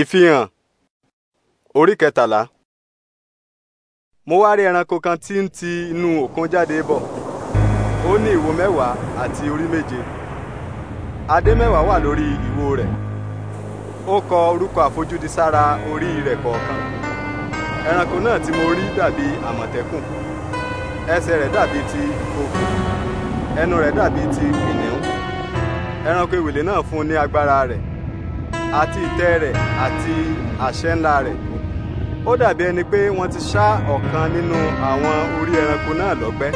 ìfihàn orí kẹtàlá mo wá rí ẹranko kan tí ń ti inú òkun jáde bọ̀ ó ní ìwo mẹ́wàá àti orí méje adé mẹ́wàá wà lórí ìwo rẹ̀ ó kọ orúkọ àfojúdi sára orí rẹ̀ kọ̀ọ̀kan ẹranko náà tí mo rí dàbí àmọ̀tẹ́kùn ẹsẹ̀ rẹ̀ dàbí ti òkú ẹnu rẹ̀ dàbí ti kìnìún ẹranko ìwèlè náà fún ní agbára rẹ̀ àti ìtẹ́ rẹ̀ àti àṣẹ ńlá rẹ̀ ó dàbí ẹni pé wọ́n ti ṣá ọ̀kan nínú àwọn orí ẹranko náà lọ́gbẹ́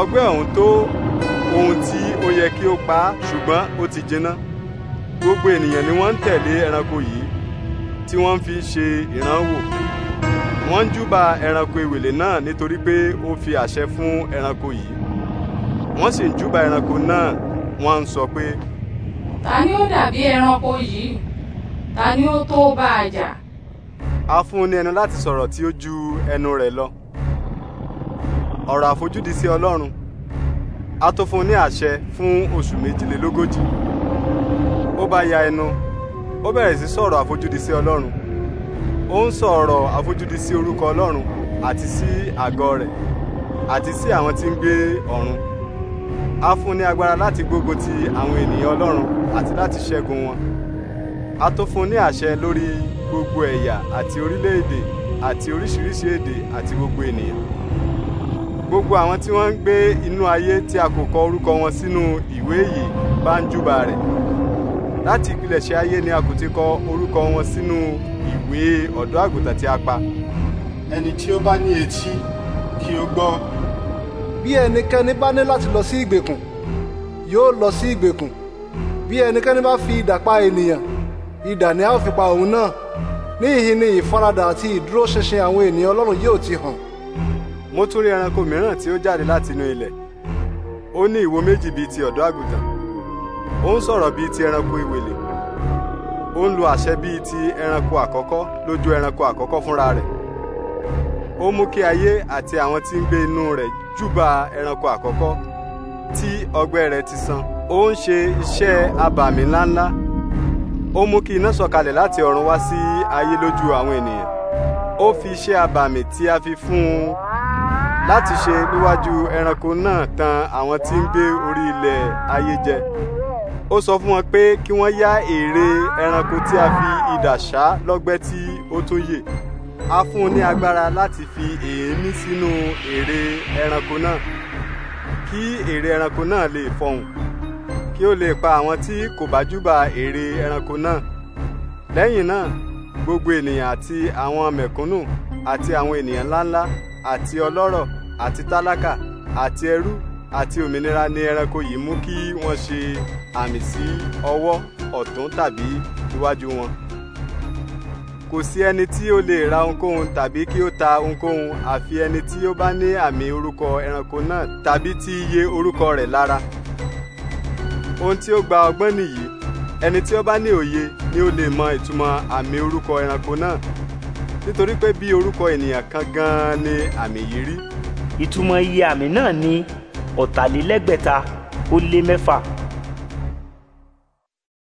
ọgbẹ́ ọ̀hún tó ohun tí ó yẹ kí ó pa á ṣùgbọ́n ó ti jiná gbogbo ènìyàn ni wọ́n ń tẹ̀lé ẹranko yìí tí wọ́n fi ṣe ìrànwọ́ wọ́n ń júbà ẹranko ìwèlè náà nítorí pé ó fi àṣẹ fún ẹranko yìí wọ́n sì ń júbà ẹranko náà wọ́n ń sọ pé. ta ni ó dàbí ẹranko yìí? ta ni ó tó bá a jà. a fún un ní ẹnu láti sọ̀rọ̀ tí ó ju ẹnu rẹ̀ lọ ọ̀rọ̀ àfojúdi sí ọlọ́run a tó fún un ní àṣẹ fún oṣù méjìlélógójì ó bá ya ẹnu ó bẹ̀rẹ̀ sí sọ̀rọ̀ àfojúdi sí ọlọ́run ó ń sọ̀rọ̀ àfojúdi sí orúkọ ọlọ́run àti sí àgọ́ rẹ̀ àti sí àwọn tí ń gbé ọ̀run a fún un ní agbára láti gbógun ti àwọn ènìyàn ọlọ́run àti láti ṣẹ́gun wọn a tún fún ní àṣẹ lórí gbogbo ẹ̀yà àti orílẹ̀-èdè àti oríṣiríṣi èdè àti gbogbo ènìyàn gbogbo àwọn tí wọ́n ń gbé inú ayé tí a kò kọ orúkọ wọn sínú ìwé yìí bá ń júbà rẹ̀ láti ìpilẹ̀ṣẹ̀ ayé ni a kò ti kọ orúkọ wọn sínú ìwé ọ̀dọ́ àgùntàn tí a pa. ẹni tí ó bá ní etí kí ó gbọ́. bí ẹnikẹ́ni bá ní láti lọ sí ìgbèkùn yóò lọ sí ìgbèkùn bí ẹnikẹ́ni bá fi idà ènìyàn idà ni a ó fi pa òun náà níhìn ni ìfaradà àti ìdúróṣinṣin àwọn ènìyàn ọlọ́run yóò ti hàn. mo tún rí ẹranko mìíràn tí ó jáde láti inú ilẹ̀ ó ní ìwo méjì bíi ti ọ̀dọ́ àgùntàn ó ń sọ̀rọ̀ bíi ti ẹranko ìwèlè ó ń lo àṣẹ bíi ti ẹranko àkọ́kọ́ lójú ẹranko àkọ́kọ́ fúnra rẹ̀ ó mú kí ayé àti àwọn tí ń gbé inú rẹ̀ júbà ẹranko àkọ́kọ́ tí ọgbẹ́ rẹ̀ ti san ó ń ṣe iṣẹ́ abàmì ńláńlá ó mú kí iná sọ̀kalẹ̀ láti ọ̀run wá sí ayé lójú àwọn ènìyàn ó fi iṣẹ́ abàmì tí a fi fún un láti ṣe níwájú ẹranko náà tan àwọn tí ń gbé orí ilẹ̀ ayé jẹ ó sọ fún wọn pé kí wọ́n yá èrè ẹranko tí a fi idà ṣá lọ́gbẹ́ tí ó tún yè a fún un ní agbára láti fi èémí sínú èrè ẹranko náà kí èrè ẹranko náà lè fọhùn kí ó lè pa àwọn tí kò bá júbà èrè ẹranko náà lẹ́yìn náà gbogbo ènìyàn àti àwọn mẹ̀kúnnù àti àwọn ènìyàn ńláńlá àti ọlọ́rọ̀ àti tálákà àti ẹrú àti òmìnira ni ẹranko yìí mú kí wọ́n ṣe àmì sí ọwọ́ ọ̀tún tàbí iwájú wọn kò sí ẹni tí ó lè ra ohunkóhun tàbí kí ó ta ohunkóhun àfi ẹni tí ó bá ní àmì orúkọ ẹranko náà tàbí ti iye orúkọ rẹ̀ lára ohun tí ó gba ọgbọ́n nìyí ẹni tí ó bá ní òye ni ó lè mọ ìtumọ̀ àmì orúkọ ẹranko náà nítorí pé bí orúkọ ènìyàn kan gan-an ni àmì yìí rí. ìtumọ̀ iye àmì náà ni ọ̀tàlélẹ́gbẹ̀ta ó lé mẹ́fà.